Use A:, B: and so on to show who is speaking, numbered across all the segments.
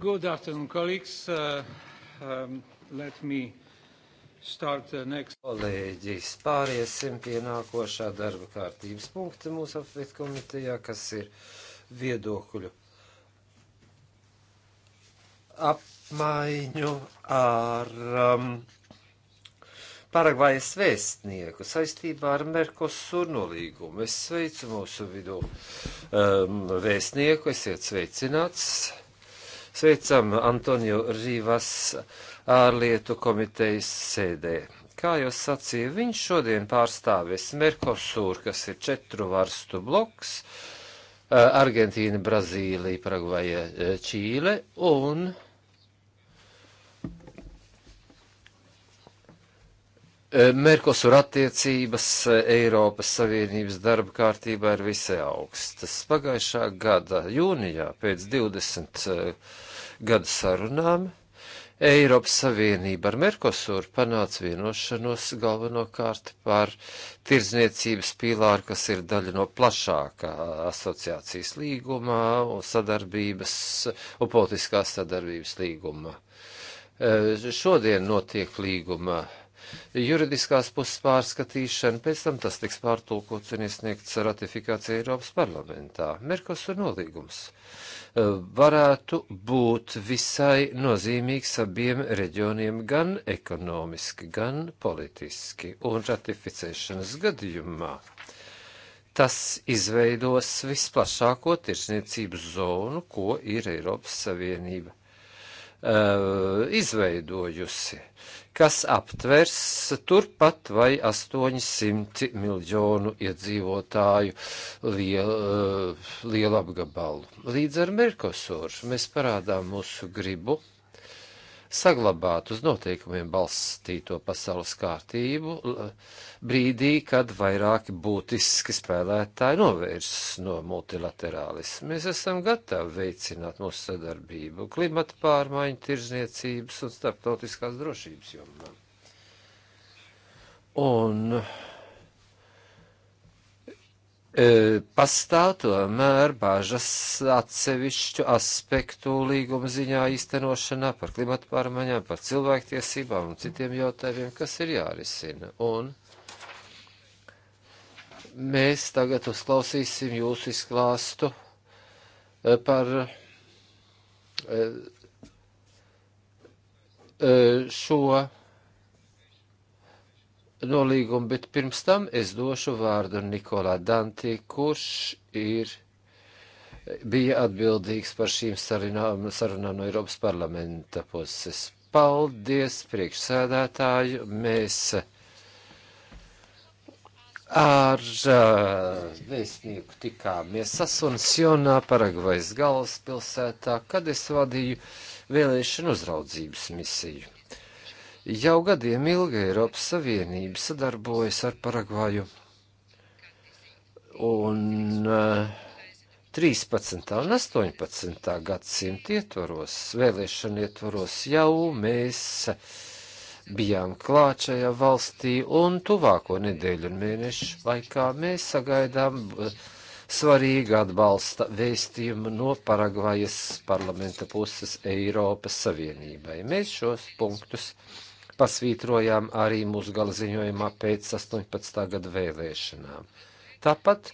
A: Good afternoon, colleagues. Uh, um, let me start the next.
B: Kolēģis, pāriesim pie nākošā darba kārtības punkta mūsu apviet komitejā, kas ir viedokļu apmaiņu ar um, Paragvajas vēstnieku saistībā ar Merkosur nolīgumu. Es sveicu mūsu vidū um, vēstnieku, esiet sveicināts. Sveicam Antoniju Rīvas ārlietu komitejas sēdē. Kā jau sacīja, viņš šodien pārstāvēs Merkosūru, kas ir četru varstu bloks, Argentīna, Brazīlija, Paragvaja, Čīle un Merkosur attiecības Eiropas Savienības darba kārtībā ir visai augstas. Pagājušā gada jūnijā pēc 20 gada sarunām Eiropas Savienība ar Merkosuru panāca vienošanos galvenokārt par tirdzniecības pīlāru, kas ir daļa no plašākā asociācijas līgumā un sadarbības un politiskās sadarbības līguma. Eh, šodien notiek līguma juridiskās puses pārskatīšana, pēc tam tas tiks pārtulkots un iesniegts ratifikācija Eiropas parlamentā. Merkosur nolīgums varētu būt visai nozīmīgs abiem reģioniem gan ekonomiski, gan politiski, un ratificēšanas gadījumā tas izveidos visplašāko tirsniecības zonu, ko ir Eiropas Savienība uh, izveidojusi. Uh, kas aptvers turpat vai 800 miljonu iedzīvotāju lielu, lielu apgabalu. Līdz ar Merkosuru mēs parādām mūsu gribu saglabāt uz noteikumiem balstīto pasaules kārtību brīdī, kad vairāki būtiski spēlētāji novērs no multilaterālismu. Mēs esam gatavi veicināt mūsu sadarbību klimata pārmaiņu, tirzniecības un starptautiskās drošības jomā. Un E, pastāv tomēr bažas atsevišķu aspektu līguma ziņā īstenošanā par klimatu pārmaiņām, par cilvēktiesībām un citiem jautājumiem, kas ir jārisina. Un mēs tagad uzklausīsim jūsu izklāstu e, par e, šo nolīgumu, bet pirms tam es došu vārdu Nikolā Dantī, kurš ir, bija atbildīgs par šīm sarunām, sarunām no Eiropas parlamenta puses. Paldies, priekšsēdētāju! Mēs ar uh, vēstnieku tikāmies Asuncionā, Paragvajas galvaspilsētā, kad es vadīju vēlēšanu uzraudzības misiju. Jau gadiem ilgi Eiropas Savienība sadarbojas ar Paragvaju. Un uh, eh, 13. un 18. gadsimta ietvaros, vēlēšana ietvaros jau mēs bijām klāt šajā valstī un tuvāko nedēļu un mēnešu laikā mēs sagaidām eh, svarīgu atbalsta vēstījumu no Paragvajas parlamenta puses Eiropas Savienībai. Mēs šos punktus pasvītrojām arī mūsu galaziņojumā pēc 18. gada vēlēšanām. Tāpat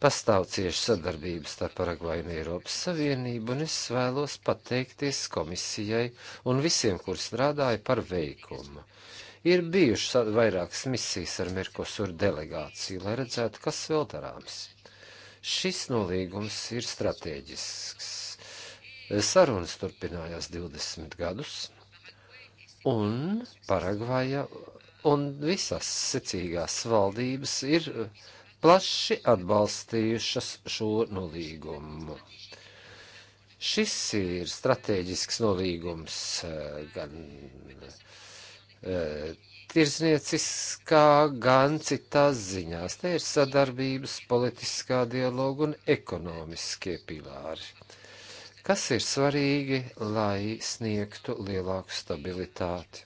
B: pastāv cieši sadarbība starp Paragvaju un Eiropas Savienību, un es vēlos pateikties komisijai un visiem, kur strādāja par veikumu. Ir bijušas vairākas misijas ar Merkosur delegāciju, lai redzētu, kas vēl darāms. Šis nolīgums ir strateģisks. Sarunas turpinājās 20 gadus un Paragvaja un visas secīgās valdības ir plaši atbalstījušas šo nolīgumu. Šis ir strateģisks nolīgums eh, gan eh, tirznieciskā, gan citās ziņās. Te ir sadarbības, politiskā dialoga un ekonomiskie pilāri kas ir svarīgi, lai sniegtu lielāku stabilitāti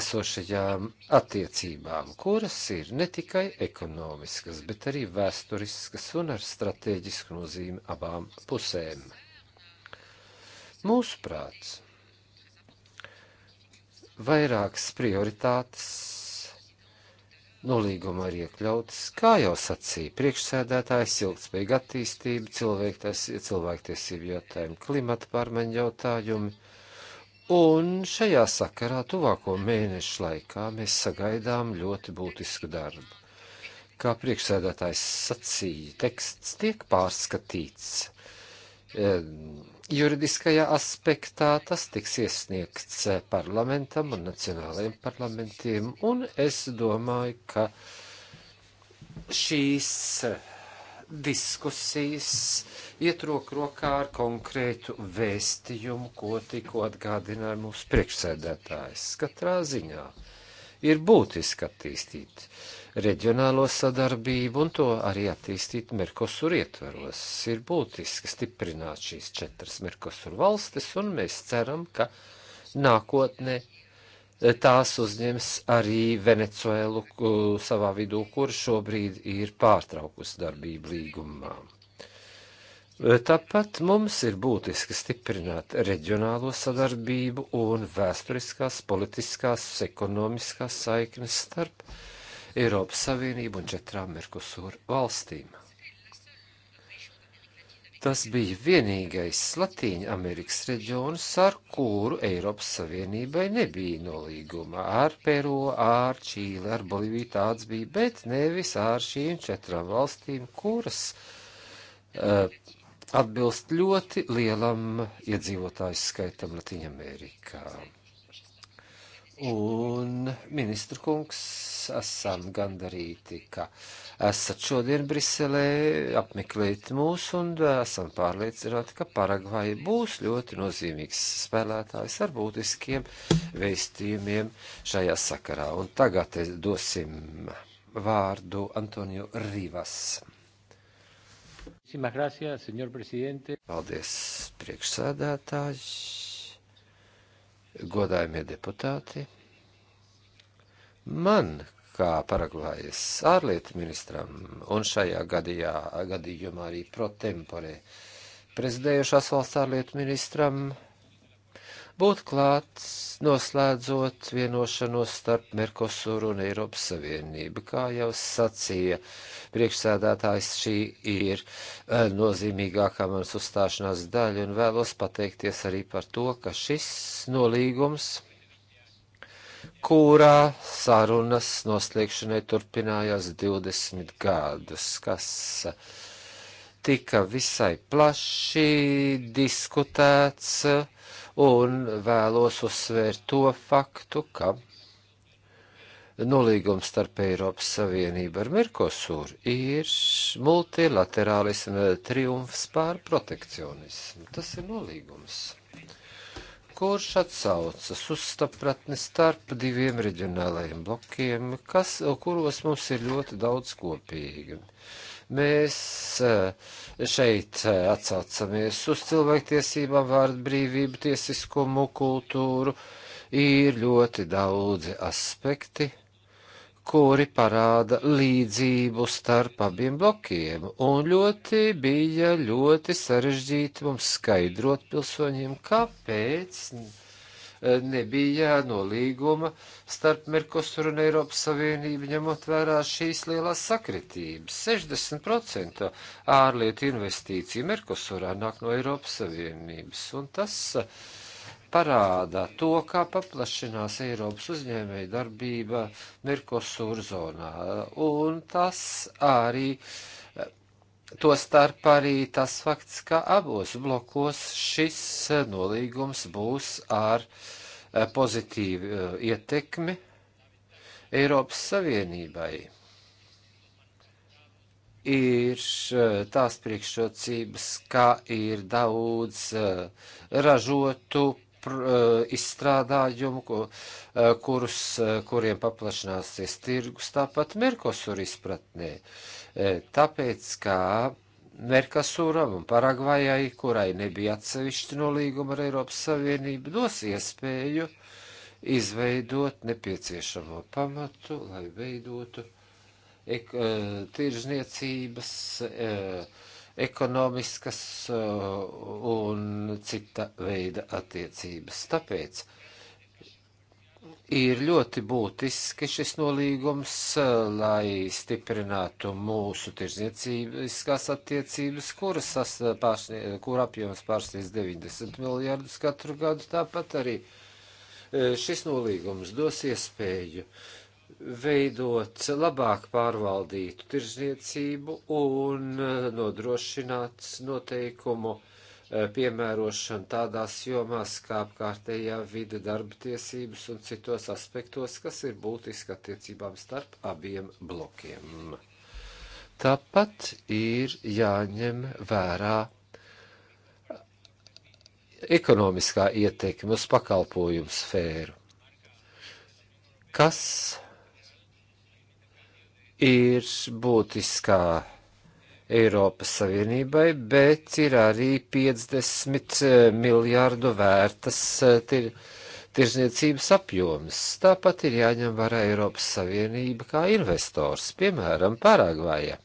B: esošajām attiecībām, kuras ir ne tikai ekonomiskas, bet arī vēsturiskas un ar strateģisku nozīmi abām pusēm. Mūsuprāt, vairākas prioritātes nolīgumā ir iekļautas, kā jau sacīja priekšsēdētājs, ilgspējīga attīstība, cilvēktiesību jautājumi, klimata pārmaiņu jautājumi. Un šajā sakarā tuvāko mēnešu laikā mēs sagaidām ļoti būtisku darbu. Kā priekšsēdētājs sacīja, teksts tiek pārskatīts juridiskajā aspektā tas tiks iesniegts eh, parlamentam un nacionālajiem parlamentiem, un es domāju, ka šīs eh, diskusijas iet roku rokā ar konkrētu vēstījumu, ko tikko atgādināja mūsu priekšsēdētājs. Katrā ziņā ir būtiski attīstīt reģionālo sadarbību un to arī attīstīt Merkosur ietvaros. Ir būtiski stiprināt šīs četras Merkosur valstis un mēs ceram, ka nākotnē eh, tās uzņems arī Venecuēlu eh, savā vidū, kur šobrīd ir pārtraukusi darbību līgumā. Tāpat mums ir būtiski stiprināt reģionālo sadarbību un vēsturiskās, politiskās, ekonomiskās saiknes starp Eiropas Savienību un četrām Merkusūra valstīm. Tas bija vienīgais Latīņa Amerikas reģions, ar kuru Eiropas Savienībai nebija nolīguma - ar Peru, ar Čīli, ar Boliviju tāds bija, bet nevis ar šīm četrām valstīm, kuras uh, atbilst ļoti lielam iedzīvotāju skaitam Latvijā-Amerikā. Un, ministru kungs, esam gandarīti, ka esat šodien Briselē, apmeklējat mūs un esam pārliecināti, ka Paragvai būs ļoti nozīmīgs spēlētājs ar būtiskiem veistījumiem šajā sakarā. Un tagad dosim vārdu Antonio Rivas. Paldies, priekšsēdētāji, godājumie deputāti. Man, kā Paragvajas ārlietu ministram un šajā gadījā, gadījumā arī protempore prezidējušās valsts ārlietu ministram, būt klāts noslēdzot vienošanos starp Merkosuru un Eiropas Savienību. Kā jau sacīja priekšsēdētājs, šī ir e, nozīmīgākā manas uzstāšanās daļa un vēlos pateikties arī par to, ka šis nolīgums kurā sarunas noslēgšanai turpinājās 20 gadus, kas tika visai plaši diskutēts, uh, un vēlos uzsvērt to faktu, ka nolīgums starp Eiropas Savienību ar Merkosūru ir multilaterālisma triumfs pār protekcionismu. Tas ir nolīgums, kurš atsaucas uz sapratni starp diviem reģionālajiem blokiem, kas, kuros mums ir ļoti daudz kopīgi. Uh, Mēs eh, šeit eh, atsaucamies uz cilvēktiesībām, vārdu brīvību, tiesiskumu, kultūru. Ir ļoti daudzi aspekti, kuri parāda līdzību starp abiem blokiem, un ļoti bija ļoti sarežģīti mums skaidrot pilsoņiem, kāpēc. Ka Eh, nebija nolīguma starp Merkosuru un Eiropas Savienību, ņemot vērā šīs lielās sakritības. 60% ārlietu investīcija Merkosurā nāk no Eiropas Savienības, un tas eh, parāda to, kā paplašinās Eiropas uzņēmēja darbība Merkosur zonā, un tas arī uh, Tostarp arī tas fakts, ka abos blokos šis e, nolīgums būs ar e, pozitīvu e, ietekmi Eiropas Savienībai ir tās priekšrocības, kā ir daudz ražotu izstrādājumu, kurus, kuriem paplašināsies tirgus, tāpat Merkosur izpratnē. Uh, E, tāpēc, kā Merkasūram un Paragvajai, kurai nebija atsevišķi nolīguma ar Eiropas Savienību, dos iespēju izveidot nepieciešamo pamatu, lai veidotu ek, e, tiržniecības, e, ekonomiskas un cita veida attiecības. Tāpēc ir ļoti būtiski šis nolīgums, eh, lai stiprinātu mūsu tirzniecības attiecības, kuras eh, pārsnie, kur apjoms pārsniedz 90 miljardus katru gadu. Tāpat arī eh, šis nolīgums dos iespēju veidot labāk pārvaldītu tirzniecību un nodrošināt noteikumu uh, Eh, piemērošanu tādās jomās kā apkārtējā vide, darba tiesības un citos aspektos, kas ir būtiski attiecībām starp abiem blokiem. Tāpat ir jāņem vērā ekonomiskā ietekme uz pakalpojumu sfēru, kas ir būtiskā Eiropas Savienībai, bet ir arī 50 eh, miljārdu vērtas eh, tir, tirzniecības apjoms. Tāpat ir jāņem vērā Eiropas Savienība kā investors, piemēram, Paragvaja.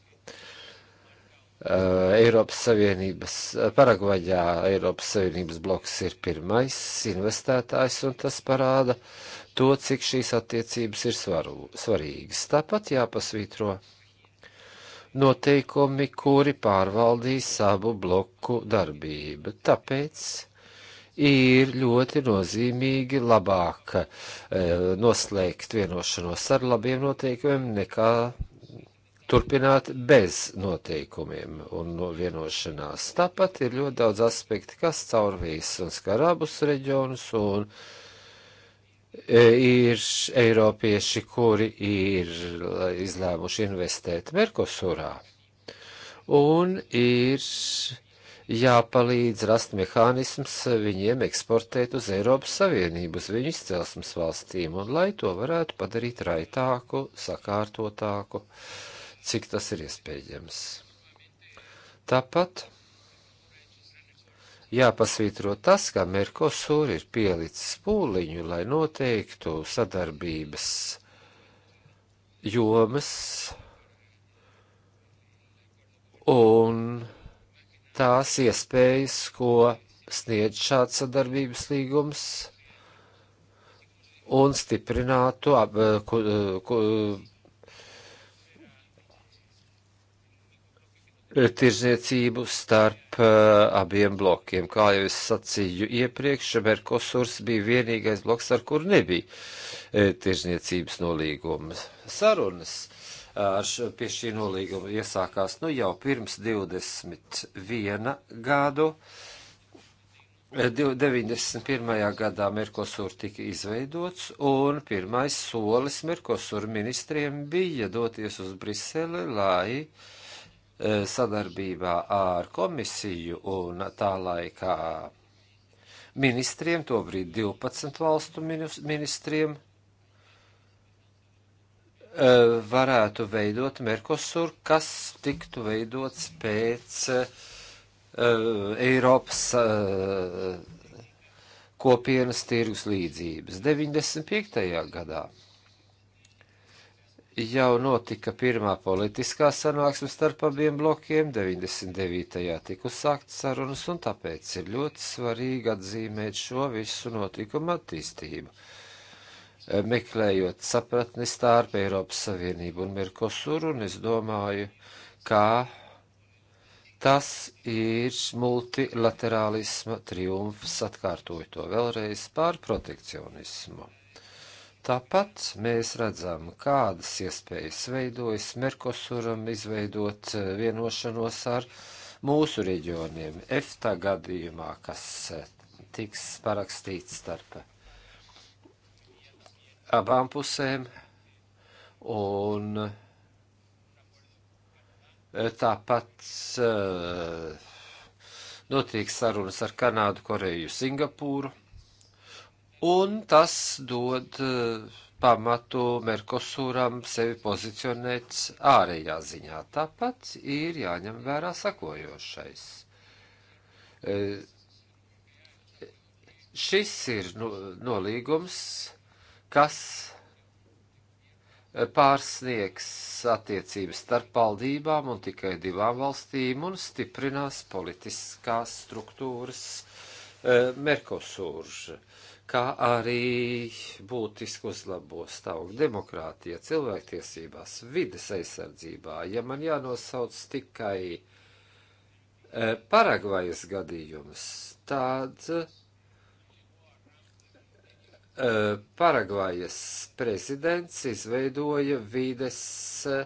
B: Uh, Eiropas Savienības, Paragvaļā Eiropas Savienības bloks ir pirmais investētājs, un tas parāda to, cik šīs attiecības ir svaru, svarīgas. Tāpat jāpasvītro noteikumi, kuri pārvaldīs savu bloku darbību. Tāpēc ir ļoti nozīmīgi labāk e, noslēgt vienošanos ar labiem noteikumiem nekā turpināt bez noteikumiem un no vienošanās. Tāpat ir ļoti daudz aspekti, kas caur visu un skar abus reģionus un reģionus E, ir eiropieši, kuri ir izlēmuši investēt Merkosurā. Un ir jāpalīdz rast mehānisms viņiem eksportēt uz Eiropas Savienību, uz viņu izcelsmes valstīm, un lai to varētu padarīt raitāku, sakārtotāku, cik tas ir iespējams. Tāpat jāpasvītro tas, ka Merkosur ir pielicis pūliņu, lai noteiktu sadarbības jomas un tās iespējas, ko sniedz šāds sadarbības līgums, un stiprinātu ap, ku, eh, ku, tirzniecību starp eh, abiem blokiem. Kā jau es sacīju iepriekš, Merkosurs bija vienīgais bloks, ar kur nebija eh, tirzniecības nolīgums. Sarunas eh, ar, pie šī nolīguma iesākās nu, jau pirms 21 gadu. 91. gadā Merkosur tika izveidots, un pirmais solis Merkosur ministriem bija doties uz Briseli, lai uh, E, sadarbībā ar komisiju un tā laikā ministriem, tobrīd 12 valstu ministriem, e, varētu veidot Merkosur, kas tiktu veidots pēc e, Eiropas kopienas tirgus līdzības 95. gadā jau notika pirmā politiskā sanāksme starp abiem blokiem, 99. tika uzsākts sarunas, un tāpēc ir ļoti svarīgi atzīmēt šo visu notikumu attīstību, eh, meklējot sapratni starp Eiropas Savienību un Merkosuru, un es domāju, kā tas ir multilaterālisma triumfs, atkārtoju to vēlreiz, pār protekcionismu. Tāpat mēs redzam, kādas iespējas veidojas Merkosuram izveidot eh, vienošanos ar mūsu reģioniem. EFTA gadījumā, kas eh, tiks parakstīts starp abām pusēm, un eh, tāpat notiek sarunas ar Kanādu, Koreju, Singapūru un tas dod eh, pamatu Merkosūram sevi pozicionēt ārējā ziņā. Tāpat ir jāņem vērā sakojošais. Eh, šis ir nolīgums, kas eh, pārsniegs attiecības starp valdībām un tikai divām valstīm un stiprinās politiskās struktūras Merkosūra kā arī būtiski uzlabo stāvokli demokrātijā, cilvēktiesībās, vides aizsardzībā. Ja man jānosauc tikai e, Paragvajas gadījums, tad e, Paragvajas prezidents izveidoja vides e,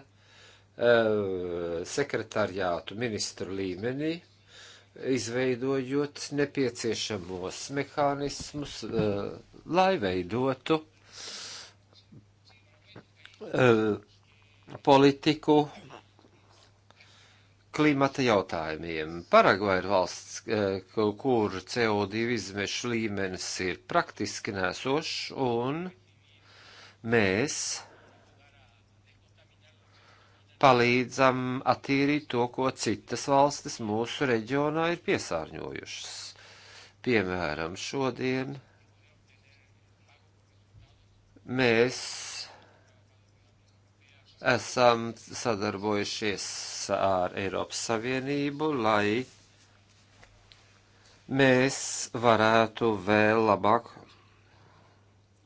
B: sekretariātu ministru līmenī izveidojot nepieciešamos mehānismus, eh, lai veidotu eh, politiku klimata jautājumiem. Paragvai ir valsts, eh, kur CO2 izmešu līmenis ir praktiski nesošs, un mēs palīdzam attīrīt to, ko citas valstis mūsu reģionā ir piesārņojušas. Piemēram, šodien mēs esam sadarbojušies ar Eiropas Savienību, lai mēs varētu vēl labāk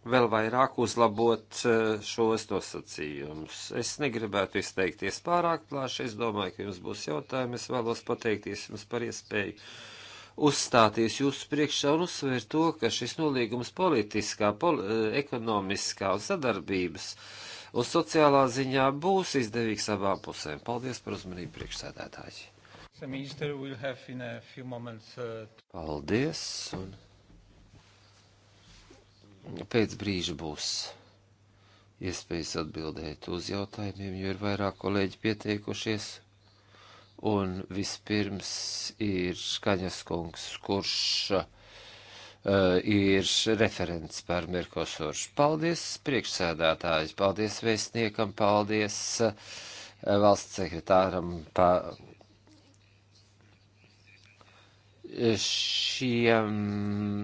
B: vēl vairāk uzlabot eh, šos nosacījumus. Es negribētu izteikties pārāk plaši, es domāju, ka jums būs jautājumi, es vēlos pateikties jums par iespēju uzstāties jūsu priekšā un uzsvērt to, ka šis nolīgums politiskā, pol eh, ekonomiskā un sadarbības un sociālā ziņā būs izdevīgs abām pusēm. Paldies par uzmanību priekšsēdētāji. Uh, Paldies. Un... Pēc brīža būs iespējas atbildēt uz jautājumiem, jo ir vairāk kolēģi pieteikušies. Un vispirms ir Kaņas kungs, kurš uh, ir referents par Mirkosuru. Paldies priekšsēdētājs, paldies vēstniekam, paldies uh, valsts sekretāram, pa, šiem,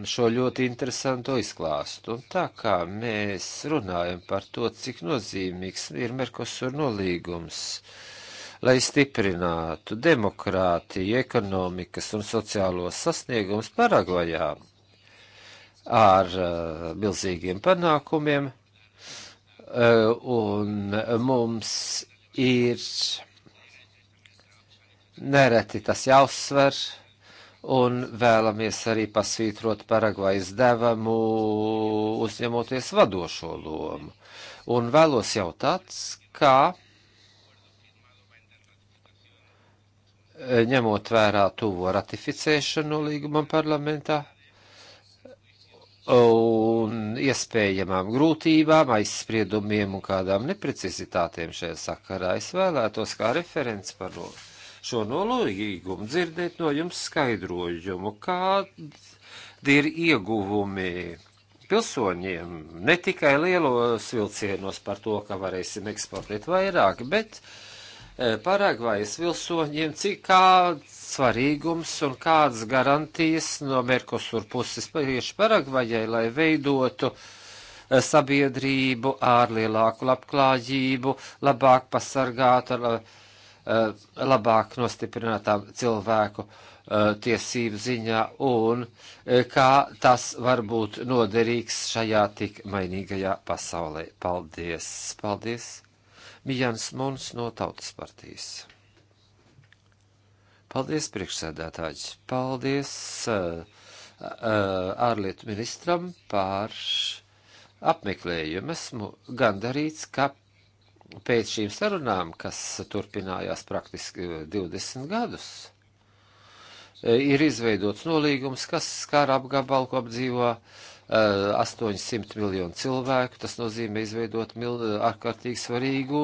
B: šo ļoti interesanto izklāstu. Un tā kā mēs runājam par to, cik nozīmīgs ir Merkosur nolīgums, lai stiprinātu demokrātiju, ekonomikas un sociālos sasniegumus Paragvajā ar uh, milzīgiem panākumiem, uh, un mums ir nereti tas jāuzsver un vēlamies arī pasvītrot Paragvajas devamu, uzņemoties vadošo lomu. Un vēlos jautāt, kā e, ņemot vērā tuvo ratificēšanu līgumam parlamentā un iespējamām grūtībām, aizspriedumiem un kādām neprecizitātēm šajā sakarā, es vēlētos kā referents par to šo nolūgīgumu, dzirdēt no jums skaidrojumu, kādi ir ieguvumi pilsoņiem, ne tikai lielos vilcienos par to, ka varēsim eksportēt vairāk, bet e, Paragvajas vilsoņiem, cik kāds svarīgums un kādas garantijas no Merkosur puses tieši Paragvajai, lai veidotu e, sabiedrību ar lielāku labklājību, labāk pasargātu Eh, labāk nostiprinātām cilvēku eh, tiesību ziņā un eh, kā tas var būt noderīgs šajā tik mainīgajā pasaulē. Paldies! Paldies! Mijans Muns no Tautas partijas. Paldies, priekšsēdētāji! Paldies ārlietu ministram par apmeklējumu. Esmu gandarīts, ka pēc šīm sarunām, kas turpinājās praktiski 20 eh, gadus, eh, ir izveidots nolīgums, kas skar apgabalu, ko apdzīvo 800 eh, miljonu cilvēku. Tas nozīmē izveidot ārkārtīgi svarīgu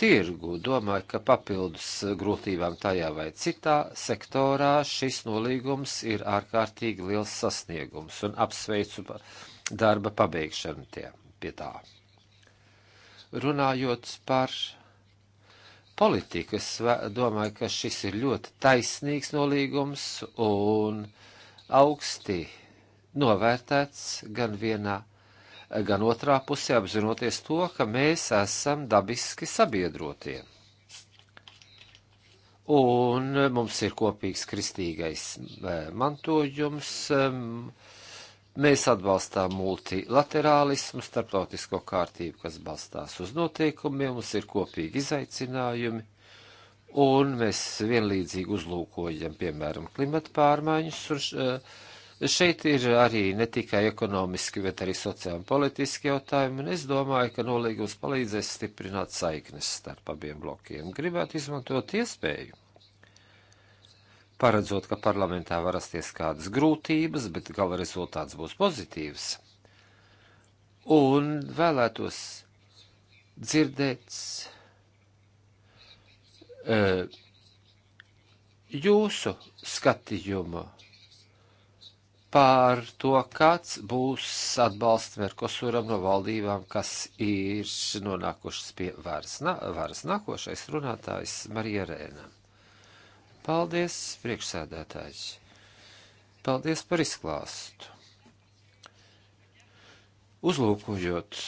B: tirgu. Domāju, ka papildus grūtībām tajā vai citā sektorā šis nolīgums ir ārkārtīgi liels sasniegums un apsveicu darba pabeigšanu tie pie tā runājot par politiku, es domāju, ka šis ir ļoti taisnīgs nolīgums un augsti novērtēts gan vienā, gan otrā pusē, apzinoties to, ka mēs esam dabiski sabiedrotie. Un mums ir kopīgs kristīgais eh, mantojums, ehm, Mēs atbalstām multilaterālismu, starptautisko kārtību, kas balstās uz noteikumiem, mums ir kopīgi izaicinājumi, un mēs vienlīdzīgi uzlūkojam, piemēram, klimata pārmaiņas, un eh, šeit ir arī ne tikai ekonomiski, bet arī sociāli un politiski jautājumi, un es domāju, ka nolīgums palīdzēs stiprināt saiknes starp abiem blokiem. Gribētu izmantot iespēju paredzot, ka parlamentā var rasties kādas grūtības, bet gala rezultāts būs pozitīvs. Un vēlētos dzirdēt uh, jūsu skatījumu par to, kāds būs atbalsts Merkosuram no valdībām, kas ir nonākušas pie varas. Na, varas nākošais runātājs Marija Rēna. Paldies, priekšsēdētājs. Paldies par izklāstu. Uzlūkojot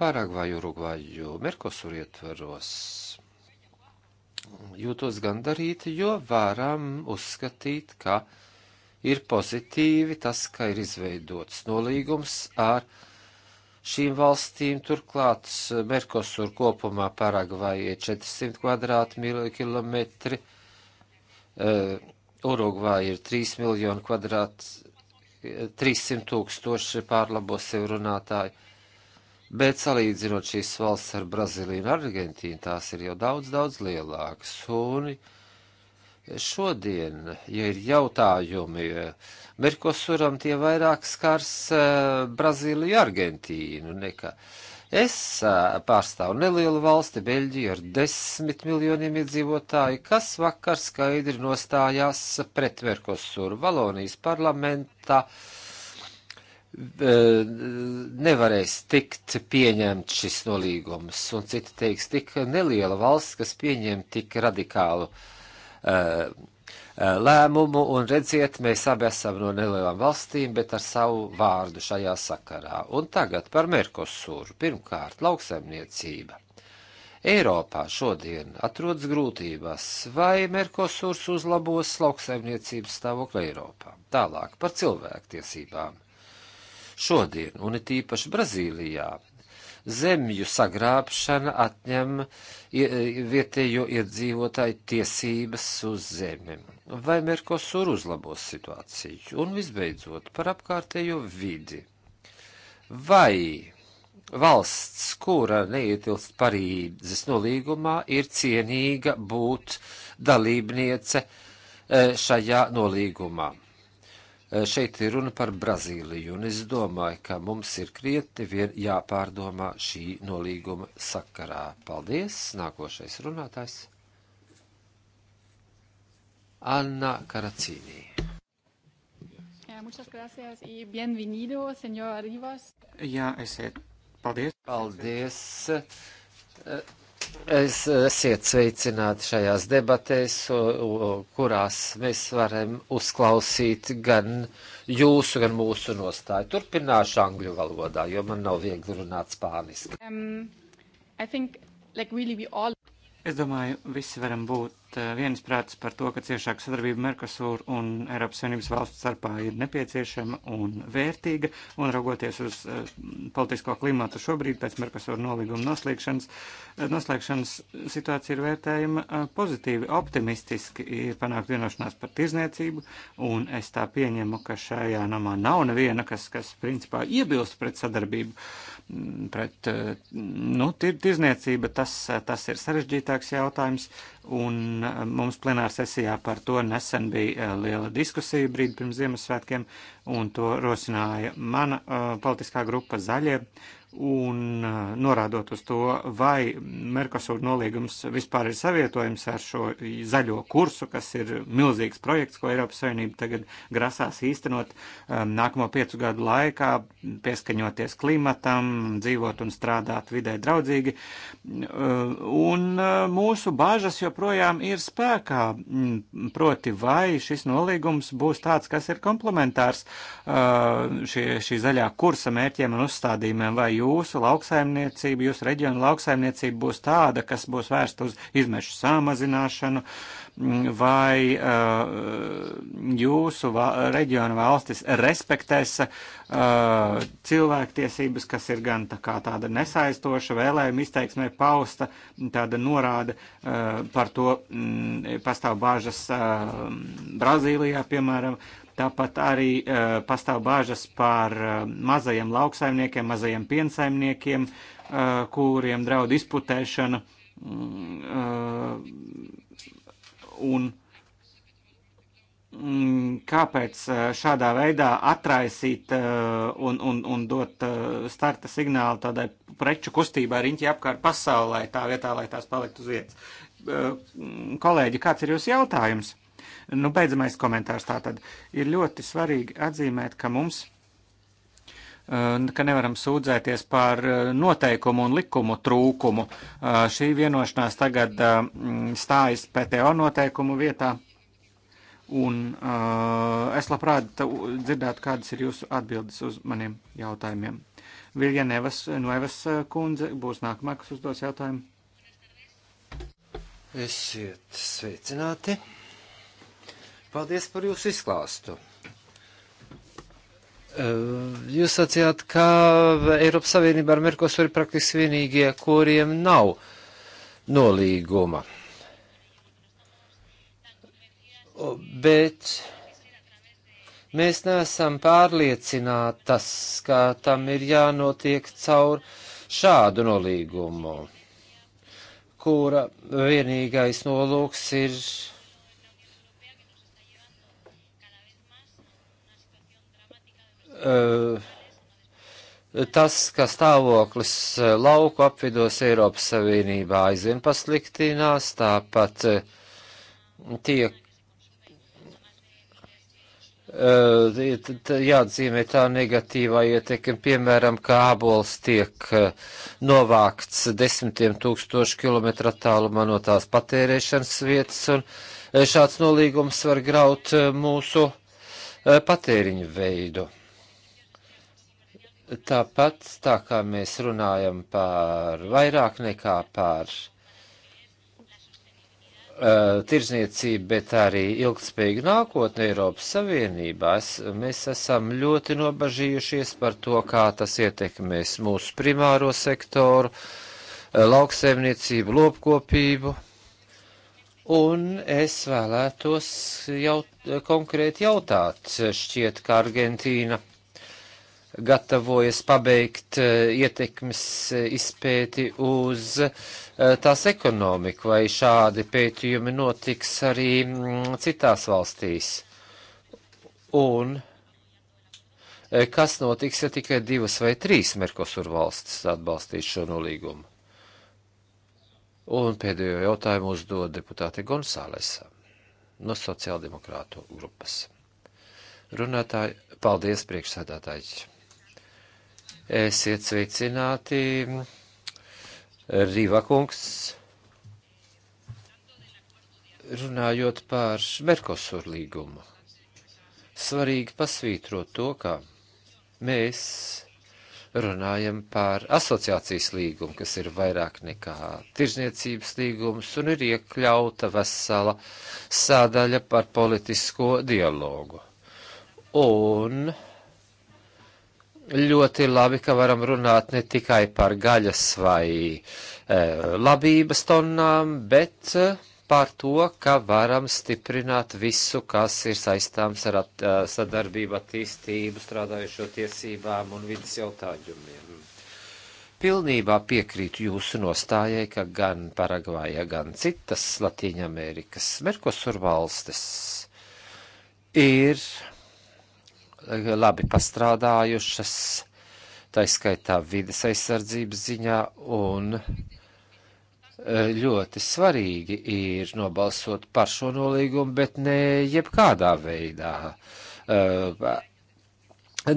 B: Paragvaju, Urugvaju, Merkosur ietvaros, jūtos gandarīti, jo varam uzskatīt, ka ir pozitīvi tas, ka ir izveidots nolīgums ar šīm valstīm. Turklāt eh, Merkosur kopumā Paragvai ir 400 kvadrātkilometri, uh, eh, Urugvai ir 3 miljoni kvadrāt, 300 eh, tūkstoši pārlabos sev runātāji. Bet salīdzinot šīs valsts ar Brazīliju un Argentīnu, tās ir jau daudz, daudz lielākas. Un, uh, Šodien, ja ir jautājumi Merkosuram, tie vairāk skars eh, Brazīliju, Argentīnu nekā. Es eh, pārstāvu nelielu valsti, Beļģiju, ar desmit miljoniem iedzīvotāju, kas vakar skaidri nostājās pret Merkosuru Valonijas parlamentā eh, nevarēs tikt pieņemt šis nolīgums, un citi teiks, tik neliela valsts, kas pieņem tik radikālu uh, Eh, eh, lēmumu, un redziet, mēs abi esam no nelielām valstīm, bet ar savu vārdu šajā sakarā. Un tagad par Merkosūru. Pirmkārt, lauksaimniecība. Eiropā šodien atrodas grūtībās, vai Merkosūrs uzlabos lauksaimniecības stāvokli Eiropā. Tālāk par cilvēktiesībām. Šodien, un it īpaši Brazīlijā, zemju sagrābšana atņem vietējo iedzīvotāju tiesības uz zemi. Vai Merkosur uzlabos situāciju? Un visbeidzot, par apkārtējo vidi. Vai valsts, kura neietilst Parīzes nolīgumā, ir cienīga būt dalībniece e, šajā nolīgumā? Eh, šeit ir runa par Brazīliju, un es domāju, ka mums ir krietni vien jāpārdomā šī nolīguma sakarā. Paldies! Nākošais runātājs - Anna Karacīnī. Jā, esiet. Paldies! Paldies! Eh, Es, esiet sveicināti šajās debatēs, kurās mēs varam uzklausīt gan jūsu, gan mūsu nostāju. Turpināšu angļu valodā, jo man nav viegli runāt spāniski.
A: Um, think, like, really all... Es domāju, visi varam būt Eh, viensprātis par to, ka ciešāka sadarbība Merkosūra un Eiropas Savienības valstu starpā ir nepieciešama un vērtīga, un raugoties uz eh, politisko klimatu šobrīd pēc Merkosūra nolīguma noslēgšanas, eh, noslēgšanas situācija ir vērtējama pozitīvi, optimistiski ir panākt vienošanās par tirzniecību, un es tā pieņemu, ka šajā namā nav neviena, kas, kas principā iebilst pret sadarbību, pret, nu, tirzniecība, tas, tas ir sarežģītāks jautājums, un eh, mums plenāra sesijā par to nesen bija eh, liela diskusija brīdi pirms Ziemassvētkiem, un to rosināja mana uh, politiskā grupa zaļie. Uh, un eh, norādot uz to, vai Merkosūra nolīgums vispār ir savietojams ar šo zaļo kursu, kas ir milzīgs projekts, ko Eiropas Savienība tagad grasās īstenot um, nākamo piecu gadu laikā, pieskaņoties klimatam, dzīvot un strādāt vidē draudzīgi. Eh, un mūsu bāžas joprojām ir spēkā, mm, proti vai šis nolīgums būs tāds, kas ir komplementārs šie, šī zaļā kursa mērķiem un uzstādījumiem, vai jūsu lauksaimniecība, jūsu reģiona lauksaimniecība būs tāda, kas būs vērsta uz izmešu samazināšanu, vai eh, jūsu reģiona valstis respektēs eh, cilvēktiesības, kas ir gan tā kā tāda nesaistoša vēlējuma izteiksmē pausta, tāda norāde eh, par to mm, pastāv bāžas Brazīlijā, piemēram, Tāpat arī uh, pastāv bāžas par uh, mazajiem lauksaimniekiem, mazajiem piensaimniekiem, uh, kuriem draud izputēšana. Uh, Un mm, kāpēc eh, šādā veidā atraisīt eh, un, un, un dot eh, starta signālu tādai preču kustībai riņķi apkārt pasaulē, tā vietā, lai tās paliktu uz vietas? Mm, kolēģi, kāds ir jūsu jautājums? Nu, beidzamais komentārs tā tad. Ir ļoti svarīgi atzīmēt, ka mums Eh, ka nevaram sūdzēties par eh, noteikumu un likumu trūkumu. Eh, šī vienošanās tagad mm, stājas PTO noteikumu vietā. Un uh, es labprāt dzirdētu, kādas ir jūsu atbildes uz maniem jautājumiem. Vilja Nevas, Nuevas kundze
B: būs nākamā, kas uzdos jautājumu. Esiet sveicināti. Paldies par jūsu izklāstu. Eh, jūs sacījāt, ka Eiropas Savienībā ar Merkosur ir praktiski vienīgie, kuriem nav nolīguma. Bet mēs neesam pārliecinātas, ka tam ir jānotiek caur šādu nolīgumu, kura vienīgais nolūks ir Eh, tas, ka stāvoklis eh, lauku apvidos Eiropas Savienībā aizvien pasliktinās, tāpat eh, tiek jāatzīmē tā negatīvā ietekme, piemēram, kā ābols tiek novākts desmitiem tūkstošu kilometru attālumā no tās patērēšanas vietas, un šāds nolīgums var graut mūsu patēriņu veidu. Tāpat tā kā mēs runājam par vairāk nekā par uh, tirzniecību, bet arī ilgspējīgu nākotni Eiropas Savienībā, es, mēs esam ļoti nobažījušies par to, kā tas ietekmēs mūsu primāro sektoru, lauksaimniecību, lopkopību. Un es vēlētos jau konkrēti jautāt, šķiet, ka Argentīna gatavojas pabeigt eh, ietekmes eh, izpēti uz eh, tās ekonomiku, vai šādi pētījumi notiks arī mm, citās valstīs. Un kas notiks, ja tikai divas vai trīs Merkosur valstis atbalstīs šo nolīgumu? Un pēdējo jautājumu uzdod deputāte Gonzālesa no sociāldemokrātu grupas. Runātāji, paldies priekšsēdētāji! Esiet sveicināti, Rīvakungs. Runājot par Merkosur līgumu, svarīgi pasvītrot to, ka mēs runājam par asociācijas līgumu, kas ir vairāk nekā tirzniecības līgums, un ir iekļauta vesela sādaļa par politisko dialogu. Un ļoti labi, ka varam runāt ne tikai par gaļas vai e, labības tonnām, bet e, par to, ka varam stiprināt visu, kas ir saistāms ar at, e, sadarbību, attīstību, strādājušo tiesībām un vidas jautājumiem. Pilnībā piekrītu jūsu nostājai, ka gan Paragvāja, gan citas Latīņamerikas Merkosur valstis ir Eh, labi pastrādājušas, taiskaitā vides aizsardzības ziņā un eh, ļoti svarīgi ir nobalsot par šo nolīgumu, bet ne jebkādā veidā. Eh,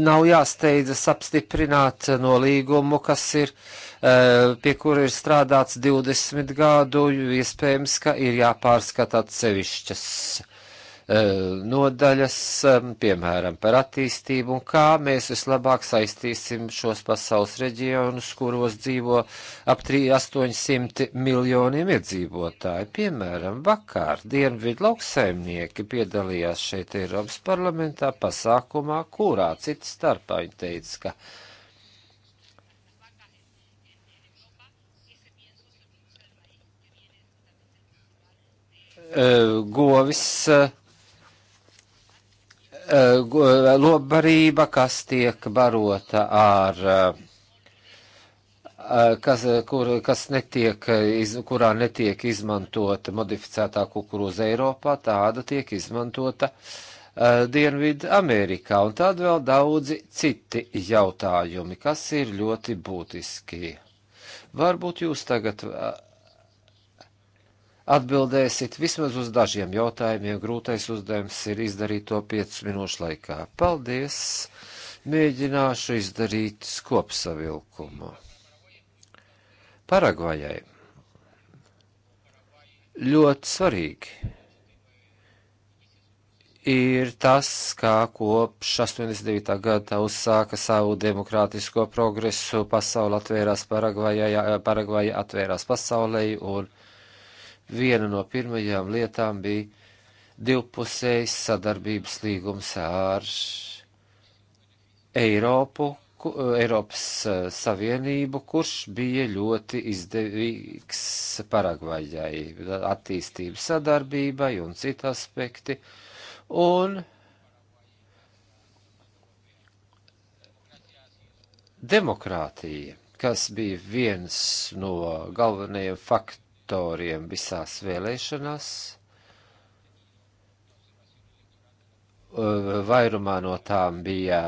B: nav jāsteidzas apstiprināt nolīgumu, kas ir, pie kura ir strādāts 20 gadu, iespējams, ka ir jāpārskata atsevišķas E, nodaļas, e, piemēram, par attīstību un kā mēs vislabāk saistīsim šos pasaules reģionus, kuros dzīvo ap 800 miljoniem iedzīvotāji. Piemēram, vakar dienvidu lauksaimnieki piedalījās šeit Eiropas parlamentā pasākumā, kurā cita starpā viņi teica, ka e, govis Eh, eh, lobbarība, kas tiek barota ar eh, kas, kur, kas netiek, iz, kurā netiek izmantota modificētā kukurūza Eiropā, tāda tiek izmantota uh, Dienvidu Amerikā. Un tad vēl daudzi citi jautājumi, kas ir ļoti būtiski. Varbūt jūs tagad atbildēsit vismaz uz dažiem jautājumiem. Grūtais uzdevums ir izdarīt to 5 minūšu laikā. Paldies! Mēģināšu izdarīt kopsavilkumu. Paragvajai ļoti svarīgi ir tas, kā kopš 89. gada uzsāka savu demokrātisko progresu, pasauli atvērās Paragvajai, Paragvaja atvērās pasaulē un viena no pirmajām lietām bija divpusējs sadarbības līgums ar Eiropu, ku, Eiropas eh, Savienību, kurš bija ļoti izdevīgs Paragvaļai, attīstības sadarbībai un citi aspekti. Un demokrātija, kas bija viens no galvenajiem faktoriem, autoriem visās vēlēšanās. Eh, vairumā no tām bija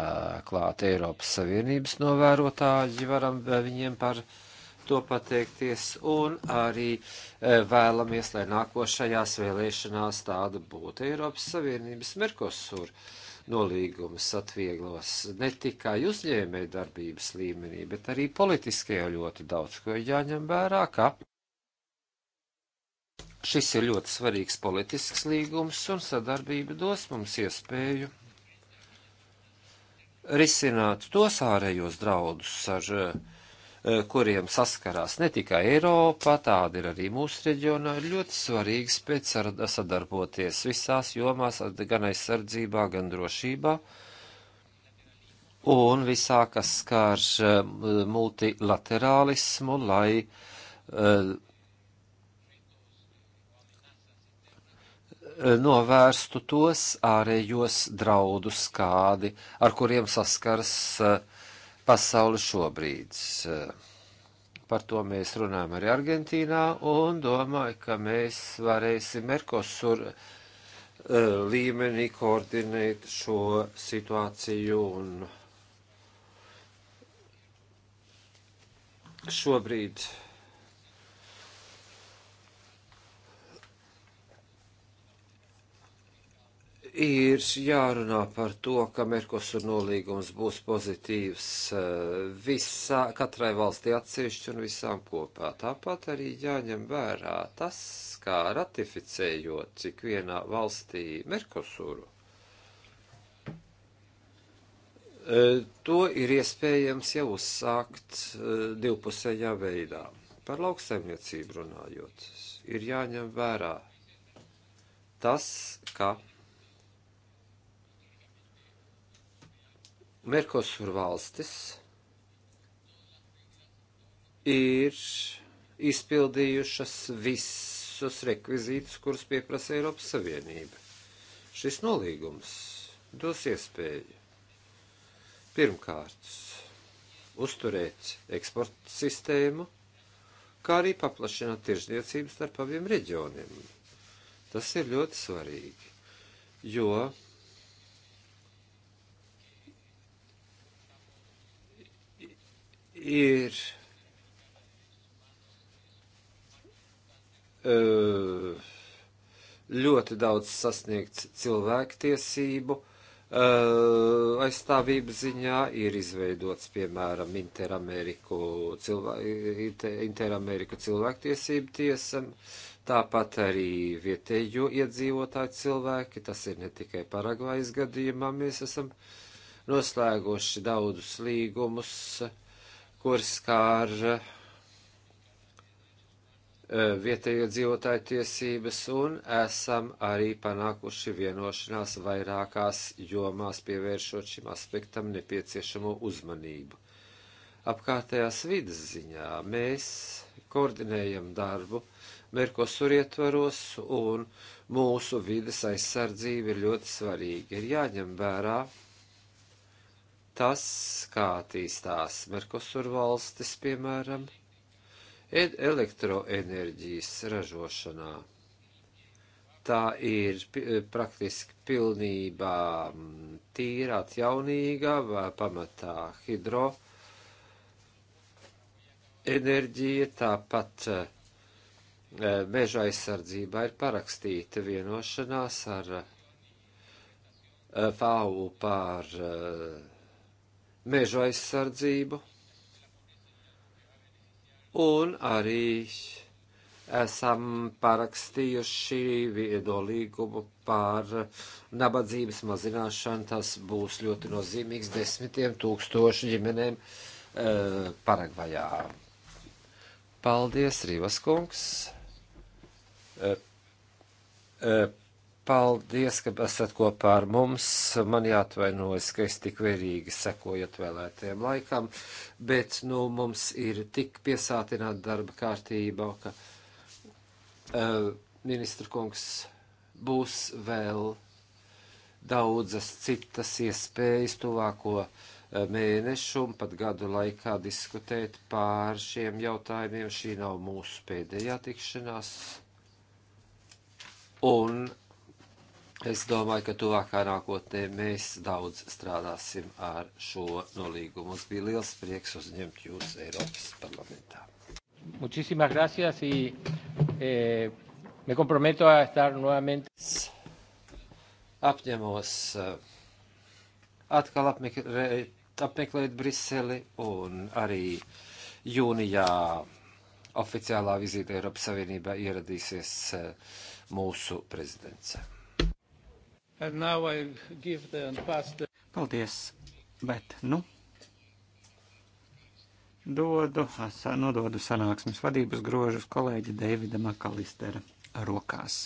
B: klāt Eiropas Savienības novērotāji, varam eh, viņiem par to pateikties, un arī eh, vēlamies, lai nākošajās vēlēšanās tāda būtu Eiropas Savienības Merkosur nolīgums atvieglos ne tikai uzņēmējdarbības līmenī, bet arī politiskajā ļoti daudz, ko jāņem vērā, ka Šis ir ļoti svarīgs politisks līgums, un sadarbība dos mums iespēju risināt tos ārējos draudus, ar e, kuriem saskarās ne tikai Eiropa, tāda ir arī mūsu reģionā. Ir ļoti svarīgi spēc sadarboties visās jomās, gan aizsardzībā, gan drošībā, un visā, kas skār e, multilaterālismu, lai e, novērstu tos ārējos draudus, kādi, ar kuriem saskars eh, pasauli šobrīd. Eh, par to mēs runājam arī Argentīnā un domāju, ka mēs varēsim Merkosur eh, līmenī koordinēt šo situāciju un šobrīd ir jārunā par to, ka Merkosur nolīgums būs pozitīvs eh, visā, katrai valstī atsevišķi un visām kopā. Tāpat arī jāņem vērā tas, kā ratificējot cik vienā valstī Merkosuru. Eh, to ir iespējams jau uzsākt eh, divpusējā veidā. Par lauksaimniecību runājot, ir jāņem vērā tas, ka Merkosur valstis ir izpildījušas visus rekvizītus, kurus pieprasa Eiropas Savienība. Šis nolīgums dos iespēju pirmkārt uzturēt eksporta sistēmu, kā arī paplašināt tirzniecību starp abiem reģioniem. Tas ir ļoti svarīgi, jo ir e, ļoti daudz sasniegts cilvēktiesību e, aizstāvības ziņā, ir izveidots, piemēram, Interameriku, cilvē, Interameriku cilvēktiesību tiesam, tāpat arī vietējo iedzīvotāju cilvēki, tas ir ne tikai Paragvajas gadījumā, mēs esam noslēguši daudzus līgumus, uh, kuras skār e, vietējo dzīvotāju tiesības, un esam arī panākuši vienošanās vairākās jomās pievēršot šim aspektam nepieciešamo uzmanību. Apkārtējās vidas ziņā mēs koordinējam darbu Merkosur ietvaros, un mūsu vidas aizsardzība ir ļoti svarīga. Ir jāņem vērā tas, kā attīstās Merkosur valstis, piemēram, elektroenerģijas ražošanā. Tā ir praktiski pilnībā mm, tīra, atjaunīga, pamatā hidro enerģija, tāpat e, meža aizsardzībā ir parakstīta vienošanās ar e, FAU par uh, mežu aizsardzību un arī esam parakstījuši viedolīgumu par nabadzības mazināšanu. Tas būs ļoti nozīmīgs desmitiem tūkstošu ģimenēm uh, Paragvajā. Paldies, Rīvas kungs! Uh, uh, Paldies, ka esat kopā ar mums. Man jāatvainojas, ka es tik vērīgi sekoju atvēlētajam laikam, bet nu, mums ir tik piesātināta darba kārtība, ka uh, ministra kungs būs vēl daudzas citas iespējas tuvāko uh, mēnešu un pat gadu laikā diskutēt pār šiem jautājumiem. Šī nav mūsu pēdējā tikšanās. Un Es domāju, ka tuvākā nākotnē mēs daudz strādāsim ar šo nolīgumu. Mums bija liels prieks uzņemt jūs Eiropas parlamentā. Muchísimas gracias y eh, me comprometo a estar nuevamente. Apņemos eh, atkal apmeklēt, apmeklēt Briseli un arī jūnijā oficiālā vizīte Eiropas Savienībā ieradīsies eh, mūsu prezidents.
A: The... Paldies, bet nu dodu, nododu nu sanāksmes vadības grožus kolēģi Deivida Makalistera rokās.